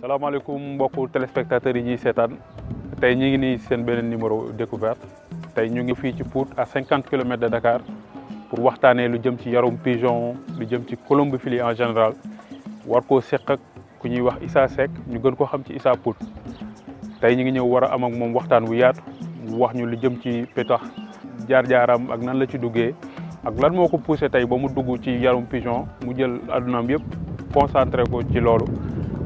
salaamaaleykum mbokku téléspectateurs yi ñuy seetaan tey ñu ngi ni seen beneen numéro découverte tay ñu ngi fi ci Pout à 50 km de Dakar pour waxtané lu jëm ci yarum pigeon lu jëm ci fili en général war ko sék ak ku ñuy wax Issa Sek ñu gën ko xam ci Issa Pout tay ñi ngi ñëw wara am ak mom waxtaan wu yaatu wax ñu lu jëm ci pétax jaar-jaaram ak nan la ci duggé ak lan moko ko poussé ba mu dugg ci yarum pigeon mu jël adunaam yépp concentré ko ci loolu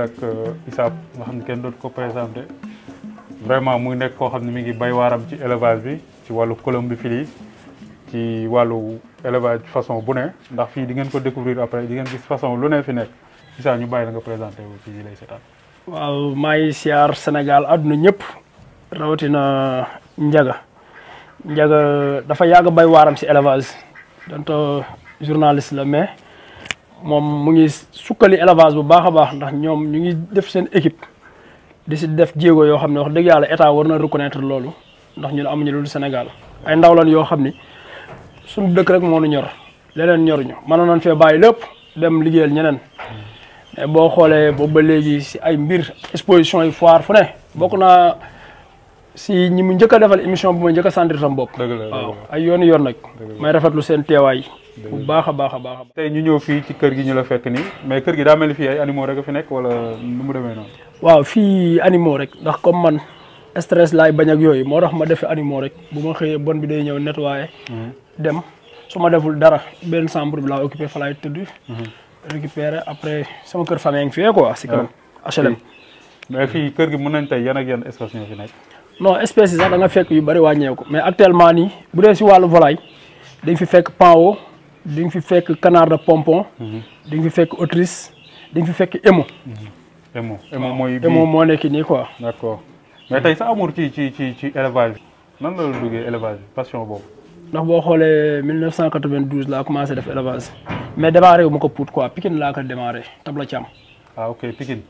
ànd ak euh, ISAB nga xam ne kenn dootu ko présenté vraiment muy nekk ko xam ne mi ngi bay waaram ci élevage bi ci wàllu colombophilie ci wàllu élevage façon bu ne ndax fii di ngeen ko découvrir après di ngeen gis façon lu ne fi nekk ISAB ñu bàyyi la nga présenté wu ci lay seetaan. waaw maa ngi siyaar Sénégal àdduna ñëpp rawatina Ndiaga Ndiaga dafa yàgg bay waaram si élevage donto journaliste la mais. moom mu ngi sukkali élevage bu baax a baax ndax ñoom ñu ngi def seen équipe di si def jéego yoo xam ne wax dëgg yàlla état war na reconnaître loolu ndax ñun amuñu loolu Sénégal ay ndaw yoo xam ni suñu dëkk rek moo nu ñor leneen ñoruñu mënoon nañ fee bàyyi lépp dem liggéeyal ñeneen mais boo xoolee boobu ba léegi si ay mbir exposition yi foire fu ne bokk naa si ñi mu njëkk a defal émission bu ma njëkk a sentir sama ay yoon yoon nag. may rafetlu seen teewaay. bu baax a baax a ñu ñëw fii ci kër gi ñu la fekk nii mais kër gi mel ay animaux rek fi nekk wala nu mu demee noonu waaw fii animaux rek ndax comme man stress laay bañ ak tax ma animaux rek bu ma bon bi day ñëw mhm. dem su deful dara benn chambre bi laa occupé fa laay tëdd mhm. récupéré après sama kër famille ngi fii eh, quoi si kanam ah, HLM mais fii kër gi mën nañ tey yan ak yan espace ñoo fi nekk non espèce da nga fekk yu bari mais actuellement bu volaille dañ fi fekk pan di y du canard de pompon. Mhm. di autrice di émo. émo émo mais sa amour ci ci ci élevage nan la élevage passion ndax 1992 commencé def élevage mais démarré wu ma ko Pout quoi Pikine démarré Tabla ah ok Pikine.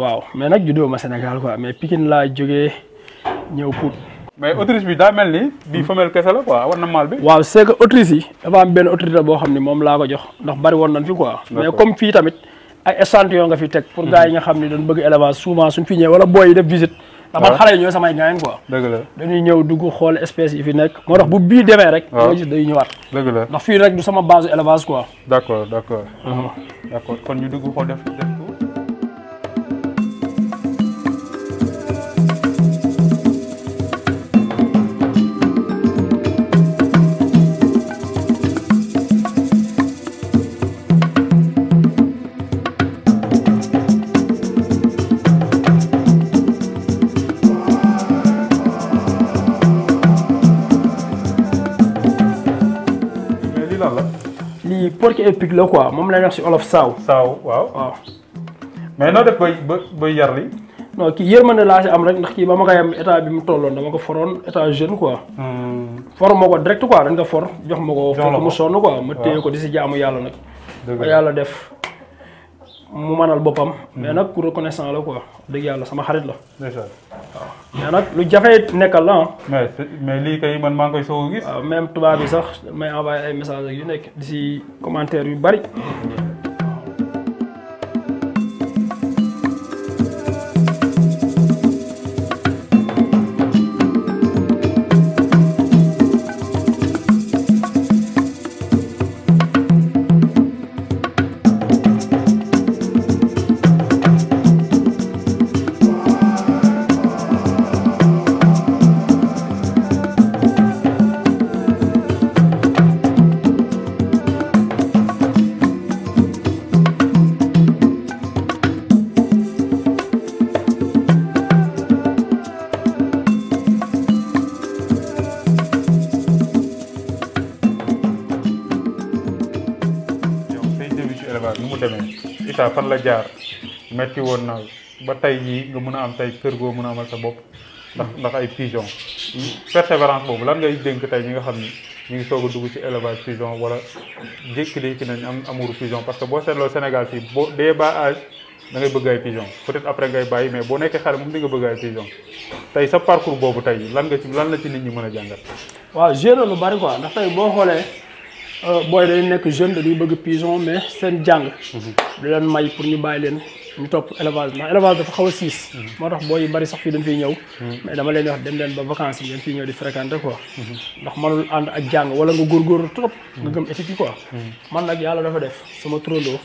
à mais Sénégal mais mais autrice bi daa mel ni. bii hmm. femelle kese la a war na mâle bi. waaw c'est autrice yi dafa am benn autorité boo xam ni moom laa ko jox ndax bari woon nañ fi quoi. mais comme fii tamit ay échantillon nga fi teg. pour gars yi hmm. nga xam ni dañ bëgg élevage souvent suñ fi ñëwee wala booy yi def visite. waaw ah. man xale yi ñooy samay gaañ quoi. dëgg la dañuy ñëw dugg xool espèce yi fi nekk. moo tax bu bii demee rek. waaw nga gis day ñëwaat. ndax fii rek du sama base élevage quoi. d'accord d'accord. Hmm. d'accord kon ñu dugg xool def ay pic la quoi moom la yor wax si olof saaw. saaw waaw waaw. mais noo def ba bay bay yar li non kii yërmande laa si am rek ndax kii ba ma koy am état bi mu tolloon dama ko foroon état jeune quoi. Hmm. for ma ko direct quoi dañ ko for jox ma ko. fekk mu sonn quoi ma téye ko di si jaamu yàlla nag. dëgg yàlla def mu mënal boppam. Hmm. mais nag ku reconnaissant la quoi dëgg yàlla sama xarit la. waaw mais nag lu jafe nekkal la ah. mais mais lii kay man maa ngi koy soog a même tubaab bi sax may envoyé ay message ak yu nekk di si commentaire yu bari. fan la jaar metti woon na ba tey jii nga mën a am tey kër goo mën a amal sa bopp ndax ndax ay pigeon persévérance boobu lan ngay dénk tey ñi nga xam ni ñu ngi soog a dugg ci élevage pigeon wala jékki-jékki nañ am amuuru pigeon parce que boo seetloo Sénégal fii boo dee bas âge da ngay bëgg peut-être après ngay bàyyi mais boo nekkee xale moom di nga bëgg ay pigeon tey sa parcours boobu tey lan nga ci lan la ci nit ñi mën a jàngat. waaw gérer lu bari Euh, booy dañu nekk jeune dañuy bëgg pison mais seen jàng. Mhm. du leen may pour ñu bàyyi leen ñu topp élevage ndax élevage dafa xaw a siis. Mhm. moo tax booy yu bari sax fii dañ fiy ñëw. Mhm. mais dama leen wax dem leen ba vacances yi ngeen fiy ñëw di fréquenter quoi. ndax mënul ànd ak jàng wala nga góorgóorlu trop. nga gëm éthique yi quoi. man nag yàlla dafa def sama turandoo.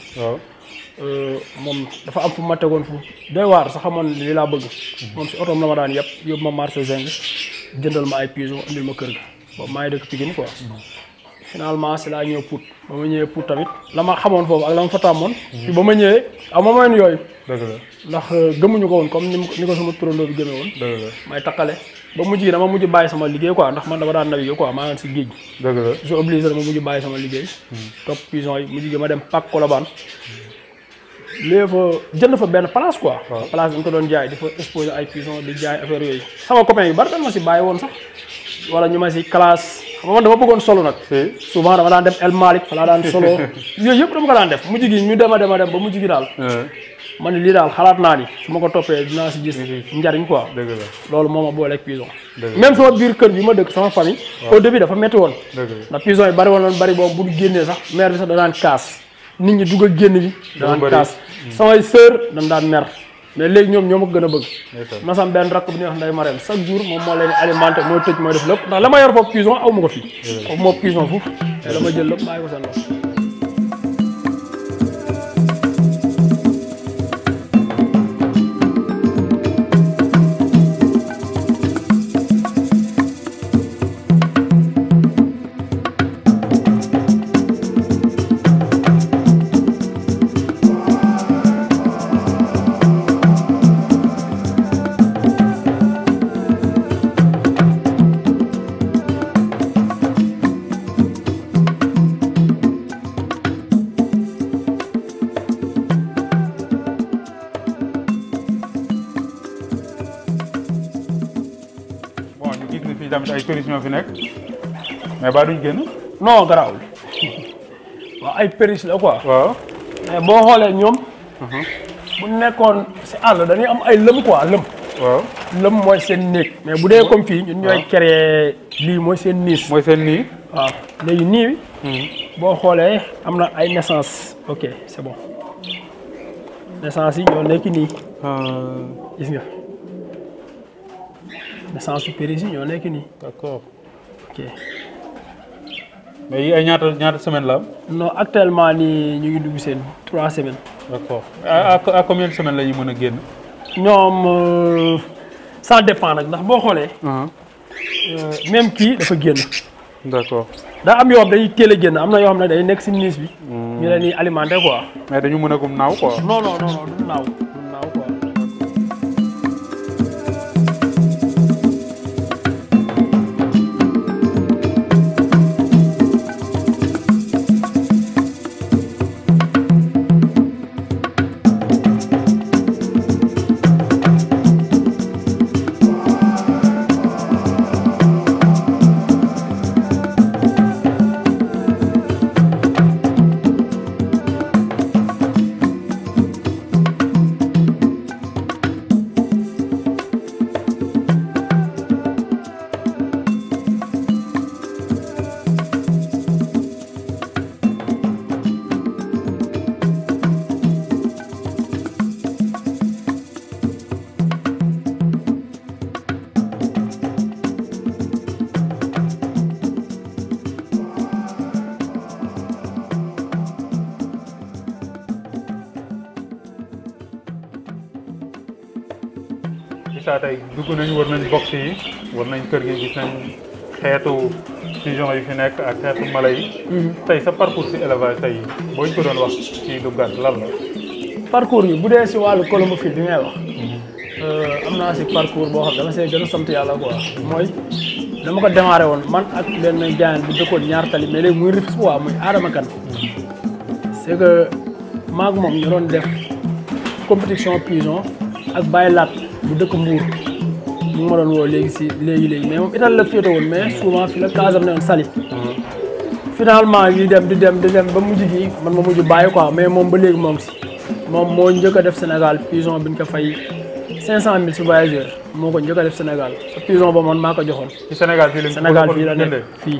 Euh, moom dafa am fu ma tegoon fu doy waar sax amoon li laa bëgg. moom si otoom la ma daan yëpp yóbbu ma marché Zeng jëndal ma ay pigeon indil ma kër ga. boobu maa ngi dëkk Pikine quoi. finalement c'est la ñëw pour ba ma ñëwee pour tamit la ma xamoon foofu ak la ma fa tàmmoon fi ba ma ñëwee ak ma mayoon yooyu dëgg la ndax euh, gëmuñu ko woon comme ni sama turandoo bi gëmee woon dëgg la may takkale ba mujj dama mujj bàyyi sama liggéey quoi ndax man dama daan naviguer quoi maa ngi si géej dëgg la je obligé dama mujj bàyyi sama liggéey hmm. Top pigeon yi mujj gi dem pak kolobaan léegi fa jënd fa benn place quoi place dañ ko doon jaay di exposer ay pigeon di jaay affaire yooyu sama copain yu bari dañ ma si bàyyi woon sax wala ñu ma si classe man dama bëggoon solo nak subhanallah wala dem El malik fa dan solo yoy yëpp dama ko daan def mu jigi ñu dema dema dem ba mu jigi dal eh. man li dal xalaat na ni suma ko topé dina ci gis mm-hmm. ndariñ quoi loolu moma bo lek prison même sama biir kër bi ma dëkk sama famille au début dafa metti won na prison yi bari won loon bari boobu bu génnee sax maire bi sax da daan kaas nit ñi duggal a génn bi da daan kaas mm. sama sœur dañ daan mer mais léegi ñoom ñoo ma gën a bëgg masam benn rakk bu ñuy wax nday marem chaque jour moom moo leen alimenté mooy tëj mooy def lépp ndax la ma yor foofu aw ma ko fii foofu moo cuisson foofu la ma jël lépp bàyyi ko seen péris ñoo fi nekk mais ba duñ génn. non garaawul waaw ay péris la quoi. waaw mais boo xoolee ñoom. Mhm. bu nekkoon si àll dañuy am ay lëm quoi lëm. waaw lëm mooy seen néeg. mais bu dee comme fii ñun ñooy créer lii mooy seen niis. mooy seen nii. waaw léegi nii bi. Mhm. boo xoolee am na ay naissance ok c'est bon naissance yi ñoo nekk nii. Euh. gis nga. de Saint-Supérieur ñoo nekk nii. d'accord ok. mais yi ñaata ñaata semaine la am. non actuellement nii ñu ngi dugg seen trois semaines. d'accord à à semaine lañu semaines a génn. ñoom euh, ça dépend nag ndax boo xoolee. Ah. Euh, même kii dafa génn. d'accord daa am yoo xam dañuy a génn am na yoo xam ne day nekk si niis bi. Hmm. ñu leen di alimenter quoi. mais dañu mën a gum naaw quoi. non non non naaw. déjà tey dugg nañ war nañ box yi war nañ kër gi gis nañ xeetu pigeon yi fi nekk ak xeetu mala yi mhm. tey sa parcours si élevage tey boo ñu ko doon wax ci duggaat lan parcours bi bu dee si wàllu colombophilie bi ngay wax mhm. euh, am naa si parcours boo xam dama see gën a sant yàlla quoi mooy dama ko démarré woon man ak benn jaayaan bu dëkkoon ñaar tali mais léegi muy rifis waa muy aadama kan mhm. c'est que maag moom ñu def compétition pigeon ak bàyyi laat bu dëkk Mbour mu ma doon woo léegi si léegi léegi mais moom Italie la féete woon mais souvent fi la casam ne woon Saly mm-hmm. finalement yi dem di dem di dem ba mujj gi man ma mujj bàyyi quoi mais moom ba léegi moo ngi moom moo njëkk def Sénégal prison bi ñu ko fay cinq cent mille si voyageur moo ko njëkk a def Sénégal sa prison ba man maa ko joxoon Sénégal fii la fii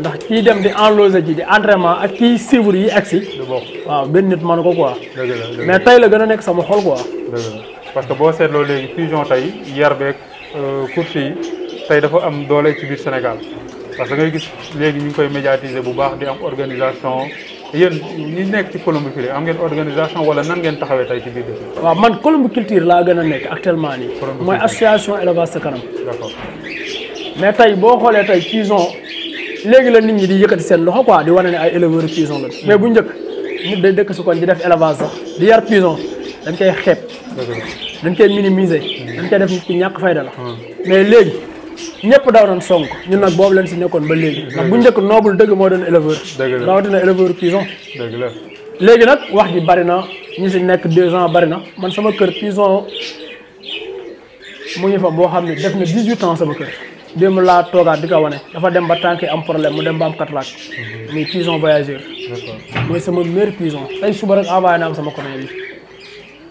ndax kii dem di enloger ji ak kii suivre yi agsi waaw benn nit mën ko quoi mais tey la gën a nekk sama xol quoi parce que boo seetloo léegi fusion tey yar beeg euh, course yi tey dafa am doole ci biir Sénégal parce que ngay gis léegi ñu ngi koy médiatiser bu baax di am organisation yéen ñi nekk ci Colombo Culture am ngeen organisation wala nan taxawee tey ci biir waaw man Colombo Culture laa gën a nekk actuellement nii mooy association élevage sa kanam mais tey boo léegi la nit ñi di yëkkati seen loxo quoi di wane ne ay éleveurs pigeon la mais bu njëkk nit day dëkk su kon di def élevage sax di yar pigeon dañ koy xeeb dañ koy minimiser dañ koy def nit ñàkk fayda la mais léegi ñëpp daw nañ song ñun nag boobu leen si nekkoon ba léegi ndax bu njëkk noobul dëgg moo doon éleveur rawatina éleveur pigeon dëgg la léegi nag wax ji bari na ñi si nekk deux ans bari na man sama kër pigeon mu ngi fa boo xam ne def na dix-huit ans sama kër démb laa toogaat di ko wane dafa dem ba tànk am problème mu dem ba am cataract muy pigeon voyageur. mooy sama meilleur pigeon ay suba rek envoyé naa ko sama commune bi.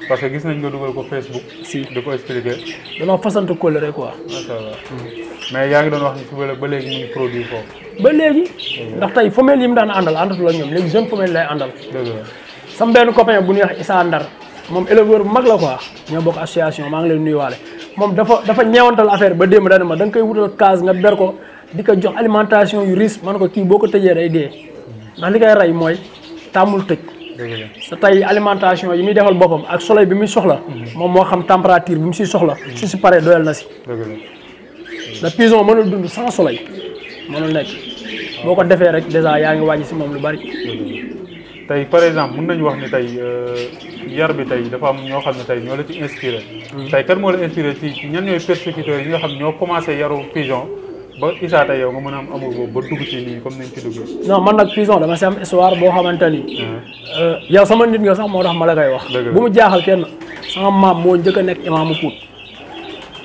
parce que gis nañ nga dugal ko Facebook. si di ko expliquer. danoo fasante colère quoi. macha allah mais yaa ngi doon wax ni ba léegi ñu ngi ba léegi. ndax tey femelle yi mu daan àndal àndatul ak ñoom léegi jeune femelle lay àndal. dëgg la sama benn copain bu ñuy wax Issa Ndar moom éleveur bu mag la quoi. ñoo bokk association maa ngi leen nuyuwaale. moom dafa dafa ñeewantal affaire ba démb dana ma da nga koy wutal case nga ber ko di ko jox alimentation yu riche man ko kii boo ko tëjee day dee ndax li koy rey mooy tàmmul tëj sa tey alimentation yi muy defal boppam ak soleil bi muy soxla mm-hmm. moom moo xam température bi mu soxla mm-hmm. si paree doyal na si la pison mënul dund sans soleil mënul nekk boo ko defee rek dèjà yaa ngi wàññi si moom lu bari tey par exemple mën nañu wax ni tey euh, yar bi tey dafa am ñoo xam ne tey ñoo la ci inspiré. tey kan moo la inspiré ci ñan ñooy persécuteurs yi nga xam ñoo commencé yaru pison ba Issa tey yow nga mën a am amour ni ñu ci man nag pigeon dama si boo xamante ni. Ah. Euh, yow sama nit nga sax moo tax ma la kay wax. bu mu jaaxal kenn sama maam moo njëkk nekk imaamu Pout.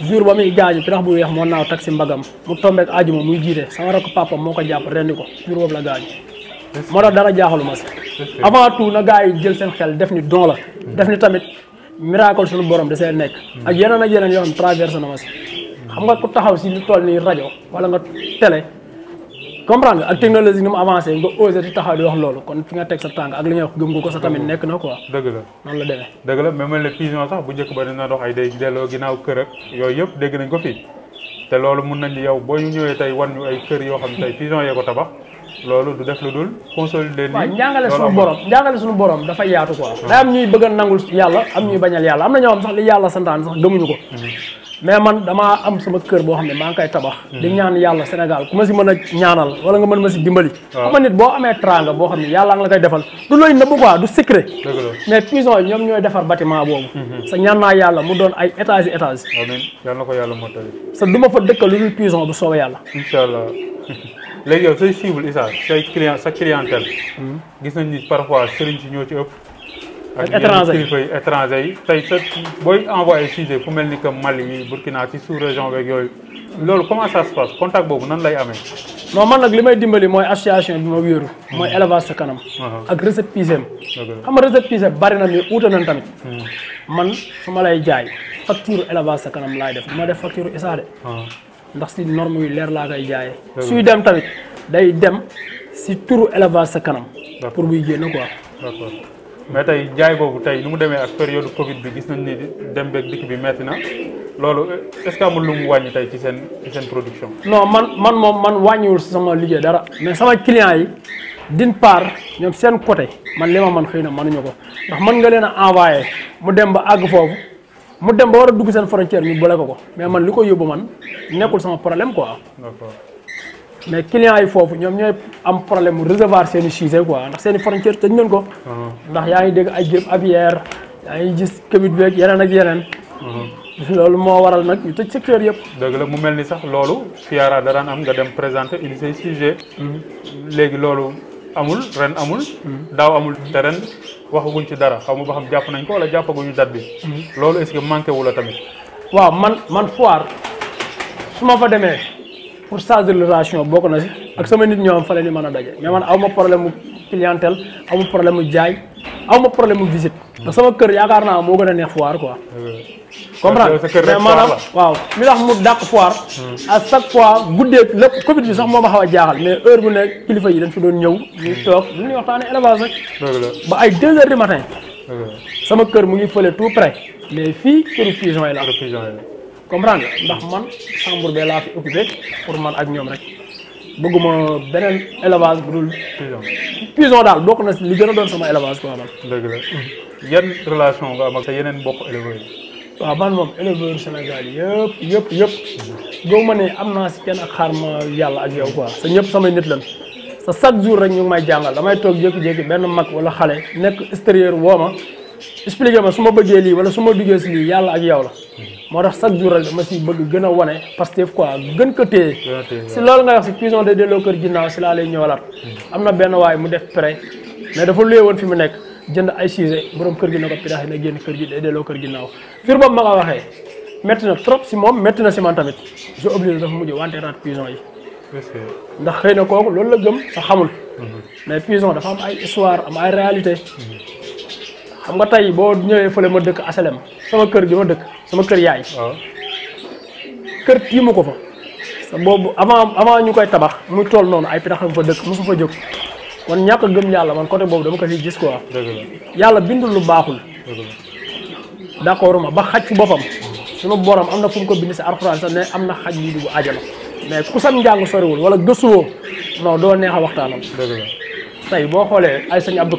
jour ba muy jaaju pirax bu weex naa naaw si mbagam mu tombé ak aajuma muy jiite sama rakk papa moo ko jàpp rendi ko jour boobu la gaaju moo tax dara jaaxaluma si avant tout na gars yi jël seen xel def ni don la def ni tamit miracle suñu borom da see nekk ak yeneen ak yeneen yoo xam traversé na ma si xam nga ku taxaw si lu toll nii rajo wala nga télé comprendre nga ak technologie ni mu avancé nga osé di taxaw di wax loolu kon fi nga teg sa tànk ak li nga wax gëm ko sa tamit nekk na ko dëgg la noonu la demee. dëgg la mais ne fusion sax bu njëkk ba dina dox ay day delloo ginnaaw kër ak yooyu yëpp dégg nañ ko fii te loolu mun nañ yow boo ñu ñëwee tey wan ñu kër yoo xam ne tey fusion yee ko tabax. loolu du def lu dul consolider lii waaw njàngale suñu borom njàngale suñu dafa yaatu quoi day ah. am ñuy bëgg a nangul yàlla am ñuy bañal yàlla am na ñoo xam sax li yàlla santaan sax gëmuñu ko hmm. mais man damaa am sama kër boo xam ne maa ngi koy tabax di hmm. ñaan yàlla Sénégal ku ma si mën a ñaanal wala nga mën ma si dimbali ah. xam nga nit boo amee tranga boo xam ne yàlla nga la koy defal du looy nëbb quoi du secret mais puissant yi ñoom ñooy defar bâtiment boobu hmm. sa ñaan naa yàlla mu doon ay étage yi ko yàlla moo tali sa du ma fa dëkk lu dul puissant léegi yow say cible Issa say client sa clientèle. Hmm. gis nañ ni parfois sëriñ si ñoo ci ëpp. ak étranger kilifa yi étranger yi tey sa booy envoyé sujet fu mel ni que Mali Burkina ci sous région beeg yooyu loolu comment ça se passe boobu nan lay amee. non man nag li may dimbali mooy association bi ma wéeru. Hmm. mooy élevage sa kanam. Uh-huh. ak récépissé am. xam nga récépissé bari na mais uute tamit. Hmm. man su ma lay jaay facture élevage sa kanam laay def du def facture Issa uh-huh. ndax si norme yu leer laa koy jaayee. suy dem tamit day dem si turu élevage sa kanam. pour buy génn quoi. d'accord mais tey jaay boobu tey nu mu demee ak période Covid bi gis nañ ni dem beeg dikk bi metti na loolu est-ce lu mu wàññi tey ci seen ci production. no man man moom man wàññiwul sama liggéey dara mais sama client yi d'une part ñoom seen côté man li ma man xëy na mënuñu ko ndax man nga leen a envoyé mu dem ba àgg foofu. mu dem ba war a dugg seen frontière ñu boole ko ko mais man li ko yóbbu man nekkul sama problème quoi. mais clients yi foofu ñoom ñooy am problème mu réservoir seen i chise quoi ndax seeni i frontière tëj nañ ko. Uh-huh. ndax yaa ngi dégg ay grippe aviaire yaa ngi gis Covid beeg yeneen ak yeneen. Uh-huh. loolu moo waral nag ñu tëj secteur yëpp. dëgg la mu mel ni sax loolu FIARA da daan am nga dem présenter indi say mm-hmm. léegi loolu amul ren amul. Mm-hmm. daaw amul te ren. waxaguñ ci dara xaw ma ba xam jàpp nañ ko wala ñu date bi. Mhm. loolu est-ce que tamit. waaw man man foire su ma fa demee pour changer relation bokk na si ak sama nit ñoo fa la ñu mën a daje mais man aw ma problème mu clientèle a ma problème mu jaay aw ma problème mu visite. sama kër yaakaar naa moo gën a neex foire quoi. comprendre mais maanaam waaw mi tax mu dàq foire. Hmm. à chaque fois guddeeg lépp Covid bi sax moo ma xaw a jaaxal mais heure bu nekk kilifa yi dañ fi doon ñëw. ñuy hmm. toog lu ñuy waxtaanee élevage rek. ba ay deux heures du matin. sama kër mu ngi fële tout près mais fii këru pigeon yi la. ndax man chambre bee laa fi occupé pour man ak ñoom rek. bëgguma beneen élevage bu dul pigeon. daal bokk na li gën doon sama élevage quoi man. dëgg la yan am ak sa yeneen bokk éleveurs yi. waaw man moom éleveur Sénégal yëpp yëpp yëpp. boo ma ne am naa si kenn ak xaar ma yàlla ak yow quoi sa ñëpp samay nit lan sa chaque jour rek ñu ngi may jàngal damay toog jékki-jékki benn mag wala xale nekk extérieur woo ma expliqué ma su ma bëggee lii wala suma duggee si lii yàlla ak yow la. moo tax chaque jour rek dama si bëgg gën a wane Pastef quoi gën ko téye si loolu nga wax si prison de delloo kër ginnaaw si laa lay ñëwalaat hmm. am na benn waay mu def prêt mais dafa luye woon fi mu nekk jënd ay siise borom kër gi na ko pidaax na génn kër gi day delloo kër ginnaaw jur boobu ma nga waxee métti na trop si moom métti na si man tamit je obligé dafa mujj wante raat prison yi ndax xëy na kooku loolu la gëm sa xamul hmm. mais prison dafa am ay histoire am réalité hmm. xam nga tey boo ñëwee fële ma dëkk asalem sama kër gi ma dëkk sama kër yaay. kër tiimu ko fa. sa boobu avant avant ñu koy tabax mu tool noonu ay pitax ko dëkk mosu fa jóg kon ñàkk gëm yàlla man côté boobu dama ko siy gis quoi. yàlla bindul lu baaxul. d' accord ma ba xaj ci boppam. sunu borom am na fu mu ko bind si arxuraan sax ne am na xaj yu bu àjjana mais ku sam njàng soriwul wala gëstuwoo non doo neex a waxtaanam. dëgg la boo xoolee ay sëñ Abdou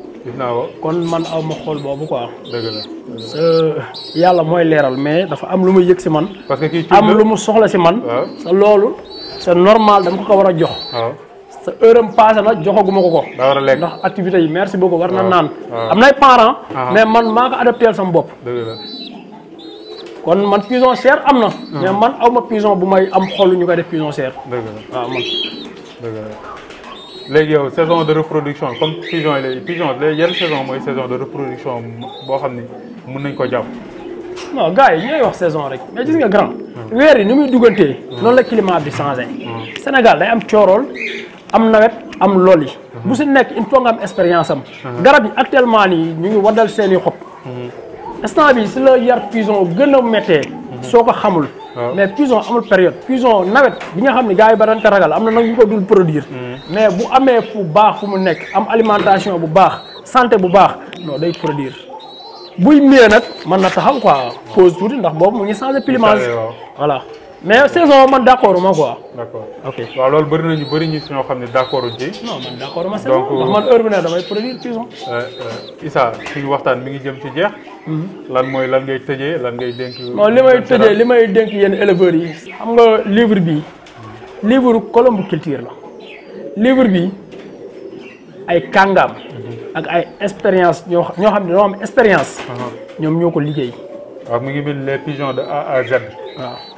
gis kon man aw ma xool boobu ko euh, yàlla mooy leeral mais dafa am lu muy yëg si man. parce que kii am lu mu soxla si man. sa loolu c'est normal dama ko ko war a jox. sa heure am passé na joxaguma ko ko. ndax activité yi merci beaucoup war na naan. am nay parents. mais man maa ko adapté sama bopp. kon man prison serre am na. Hmm. mais man aw ma bu may am xolu ñu koy def prison serre. waaw ah, man. léegi yow saison de reproduction comme pigeon yi léegi pigeon léegi yan saison mooy saison de reproduction boo xam ni mun nañ ko jàpp. non gars yi ñooy wax saison rek mais gis nga grand. Hmm. weer yi ni muy duggantee. Hmm. noonu la climat bi changé. Hmm. Sénégal day am coorool am nawet am loli. bu si nekk il faut nga am expérience am. garab yi actuellement nii ñu ngi wadal seen i xob. instant bi si la yar pigeon gën a méttee soko xamul. mais puison amul période. puison nawet bi nga xamni ne une ragal amna nak ñu produire. Mm. mais bu amé fu une fu mu nek am alimentation bu baax santé bu baax non day produire buy mé na quoi pause tout ndax mu voilà. mais saison man d' accord ma quoi. waaw loolu bëri na ñu bëri ñu si ñoo xam ne d' accord ci. non man d' accord ma saison donc euh, man heure bi ne damay produire saison. Euh, euh, Issa suñu waxtaan mi ngi jëm ci jeex. Mhm. lan mooy lan ngay tëjee lan ngay dénk. moom li may tëjee li may dénk yenn éleveurs yi. xam nga livre bi mhm. livre colombe culture la. livre bi ay kàngaam. Mhm. ak ay expérience ñoo xam ñoo xam ne ñoo am expérience. Uh-huh. ñoom ñoo ko liggéey. waaw mu ngi mel les pigeons de A à Z. waaw.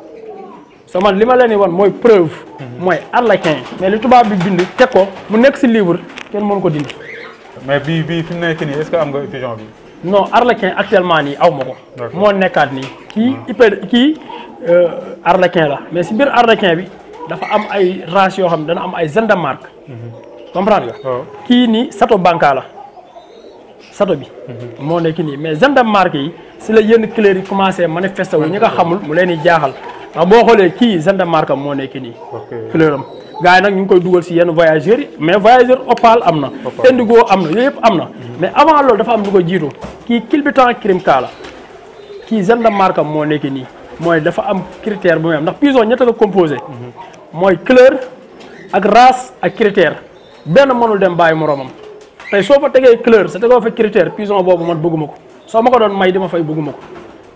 so man li ma leen di wan mooy preuve mooy mhm. arlequin mais li tubaab bi bind teg mu nekk si livre kenn mënu ko dindi. mais bii bii fi mu nekk nii est ce am nga pigeon bi. non arlequin actuellement nii aw ma ko. moo nekkaat nii kii hyper mhm. kii euh, arlequin la mais si biir arlequin bi dafa am ay race yoo xam ne dana am ay gendarme. Mhm. comprendre nga. Oh. kii nii sato bankaa la sato bi. moo nekk nii mais gendarme yi si la yenn couleurs yi commencé manifester wu ñi nga xamul mu leen di jaaxal. ndax boo xoolee kii gendarme moo nekk nii. fleur am yi nag ñu ngi koy dugal si yenn voyageurs yi mais voyageur Opal am na. Indigo am na yooyu yëpp am na. mais avant loolu dafa am lu ko jiitu kii culbutant crime kaa la kii gendarme moo nekk nii mooy dafa am critère bu muy am ndax pison ñett la composé. mooy couleur ak race ak critère benn mënul dem bàyyi moroomam tey soo fa tegee couleur sa tegoo fa critère pison boobu man bëgguma ko soo ma ko may dama fay bëgguma ko.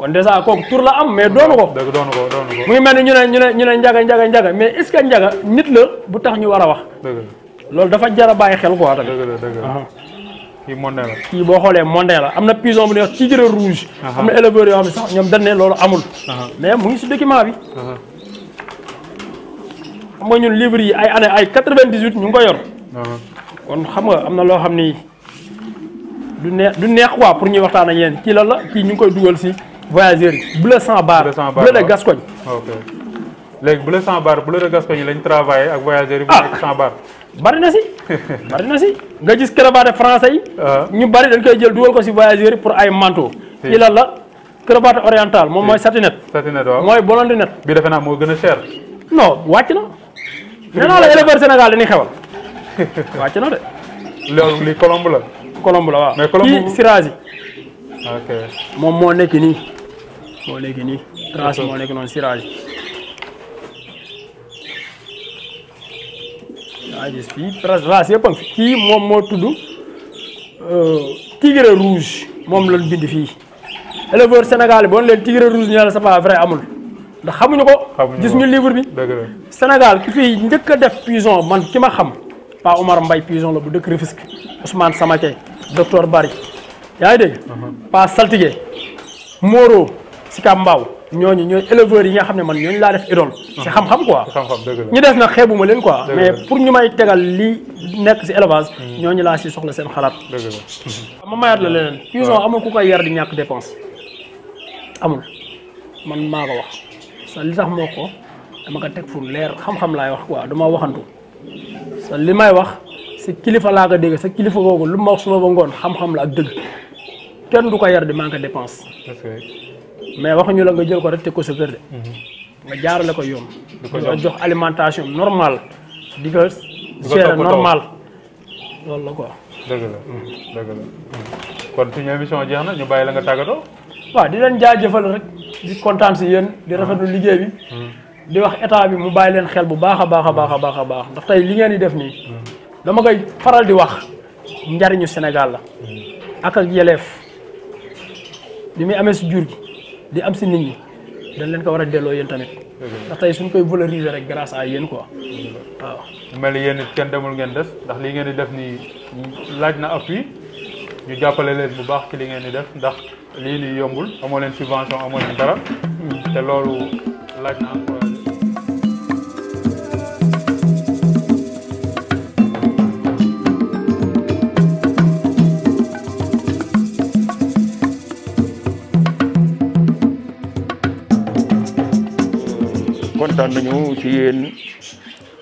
kon déjà kooku tour la am mais doon ko. dëgg doonu ko doonu ko. mu mel ni ñu ne ñu ne ñu ne njaga njaga njaga mais est ce que njaga nit la bu tax ñu wara wax. dëgg la dafa jara baye xel quoi tamit. dëgg la dëgg la kii mondé la. kii boo xoolee mondé la amna pigeon bu ñuy ci jere rouge. amna éleveur yo yoo sax ñom dañ né lool amul. mais muy ngi document bi. amma ñun livre yi ay année ay 98 ñu ngi ko yor. kon xam nga amna lo xamni du neex du neex quoi pour ñuy waxtaan ak yéen kii lan la ki ñu ngi duggal ci si. voyageur yi bleu sans barre. bleu sans barre bleu de Gascogne. ok léegi bleu sans barre bleu de Gascogne lañ travailler ak voyageur yi. Ah! bu sans barre. bari na si bari na si nga gis cravate français yi. Ah. ñu bari dañ koy jël dugal ko ci voyageur pour ay manteau. ci lan la cravate orientale moom mooy satinette. satinette moy mooy bolondinette. bi defena mo gëna cher. non wacc na. nee la éleveur Sénégal dañuy xewal wacc na de. loolu li colombe la. colombe la waaw. mais colombe kii ok mom mo nekk ni moo nekk nii trace moo nekk noonu cirage yaa gis fii kii moom moo tudd euh, tigre rouge moom la bind fii éleveur Sénégal boo leen tigre rouge ñu ne la c'est pas vrai amul ndaxamuñu ko. gis ñu livre bi. Sénégal ki fii njëkk a def puison man ki ma xam Pa Omar mbay puison la bu dëkk Rufisque Ousmane Samaké docteur Bari yaa ngi dégg. Uh-huh. Pa Saltigué Moro Sika Mbaaw ñooñu ñooy éleveurs yi nga xam ne man ñooñu laa def idole ci ah. xam-xam quoi ñu des nag xeebuma leen quoi mais pour ñu may tegal li nekk si hmm. ñoo ñu laa si soxla seen xalaat ma mayaat la leneen puison amul ku koy yar di ñàkk dépense amul man maa ko wax so li tax moo ko dama ko teg fu leer xam laay wax quoi dama waxantu sa li may wax si kilifa laa ko dégg sa kilifa googu lu ma wax suba ba ngoon xam-xam la ak dëgg kenn du ko yar di manque dépense mais waxuñu la nga jël ko rek te ko sa kër de. Mhm. nga jaarale ko yoon. di ko jox alimentation normal di ko. seere normal loolu la ko dëgg la mhm. dëgg la mhm. kon suñu émission jeex na ñu bàyyi la nga tàggatoo. waaw di leen jëfal rek di kontaan si yéen di rafetlu liggéey bi. di wax état bi mu bàyyi leen xel bu baax a baax a baax a baax a baax ndax tey li ngeen di def nii. dama koy faral di wax njariñu Sénégal la. ak ak yeleef bi muy amee si jur gi. di am si nit ñi dañ leen ko war a delloo yéen tamit. Mhm. ndax tey suñ koy valoriser rek grâce à yéen quoi mhm. waaw. mel ni yéen it kenn demul ngeen des ndax li ngeen di def nii laaj na appui ñu jàppale leen bu baax ci li ngeen di def ndax li nii yombul amoo leen subvention amoo leen dara mhm. te loolu laaj na kontaan nañu ci yeen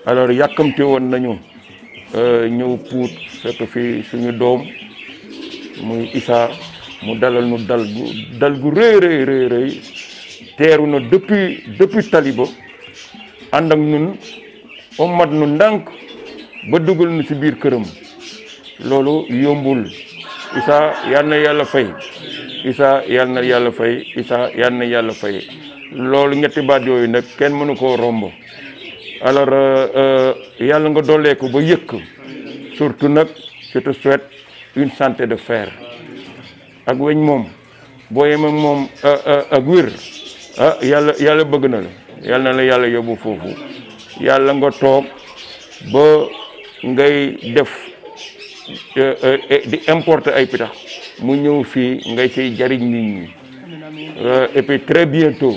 alors yàkkamte won nañu euh ñew puut fekk fi suñu dom muy isa mu dalal nu dal gu dal gu re re re re teru na depuis depuis taliba and ak nun ummat nu ndank ba duggal nu ci biir kërëm lolu yombul isa yalla yalla fay isa yalla yalla fay isa yalla yalla fay loolu ñetti baat yooyu nag kenn mënu koo romb alors euh, euh, yàlla nga dooleeku ba yëkk surtout nag je te souhaite une santé de fer ak weñ moom boo yem moom euh, ak wér ah yàlla yàlla bëgg na la yàlla na la yàlla yóbbu foofu yàlla nga toog ba ngay def di importer ay pitax mu ñëw fii nga ci jariñ nit ñi et puis très bientôt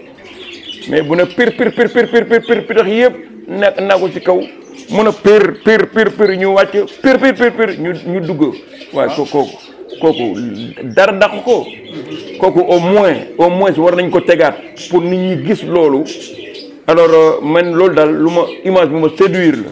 mais bu ne pir pir pir pir pir pir pir pitax yëpp nekk ko ci kaw mun a pir pir pir pir ñu wàcc pir pir pir pir ñu ñu dugg waaye ko kooku kooku dara dàq ko kooku au moins au moins war nañ ko tegaat pour nit ñi gis loolu alors man loolu daal lu ma image bu ma séduire la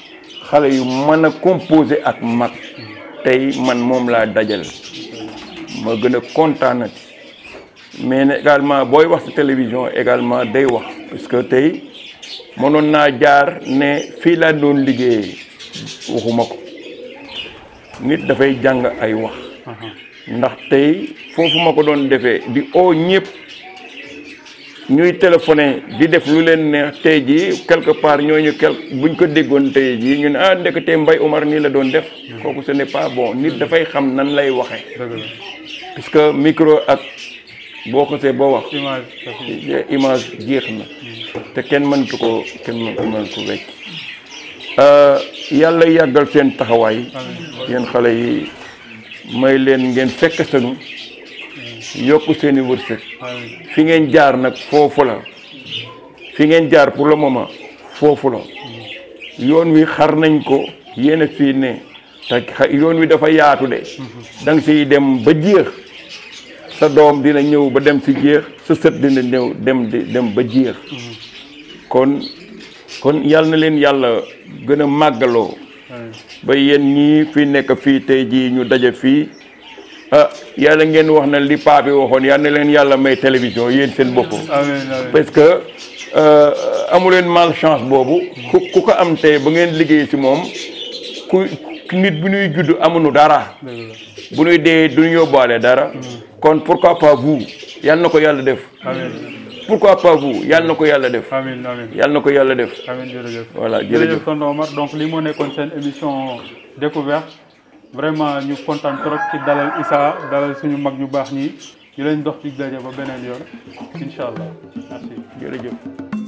xale yu mën a composé ak mag tey man moom laa dajal ma gën a kontaanati mais ne également booy wax ci télévision également day wax parce que tey mënoon naa jaar ne fii laa doon liggéeyee waxuma ko nit dafay jàng ay wax ndax tey foofu ko doon defee di o ñëpp ñuy téléphone di def lu leen neex tey jii quelque part ñooñu quelque buñ ko déggoon tey jii ñu ne ah ndeketee Mbaye Omar nii la doon def. kooku ce ne pas bon nit dafay xam nan lay waxee. que micro ak boo xasee boo wax. image jeex na. te kenn mëntu ko kenn mëntu ko wecc euh, yàlla yàggal seen taxawaay. yéen xale yi may leen ngeen fekk sanu yokk seeni i wërsëg fi ngeen jaar nag foofu la fi ngeen jaar pour le moment foofu la yoon wi xar nañ ko yéen a fii ne te yoon wi dafa yaatu de da nga siy dem ba jeex sa doom dina ñëw ba dem si jeex sa sët dina ñëw dem dem ba jeex kon kon yàlla na leen yàlla gën a màggaloo ba yéen ñii fi nekk fii tey jii ñu daje fii yalla ah, yàlla ngeen wax na li paa bi waxoon yal na leen may télévision yéen seen bopp parce que euh amuleen malchance boobu ku ku ko am tey ba ngeen liggéey ci mom ku nit bu ñuy judd amuñu dara bu ñuy dee duñu yóbbaale dara mm. kon pourquoi pas vous yalla nako yalla yàlla def pourquoi pas vous yalla nako yalla def amiin amiin yalla na ko def amiin jërëjëf voilà jërëjëf tonton Omar donc li mo nekkoon sen émission découverte vraiment ñu kontaan trop ci dalal Issa dalal suñu mag ñu baax ñi ñu leen dox ci daje ba beneen yoon incha allah merci jërëjëf.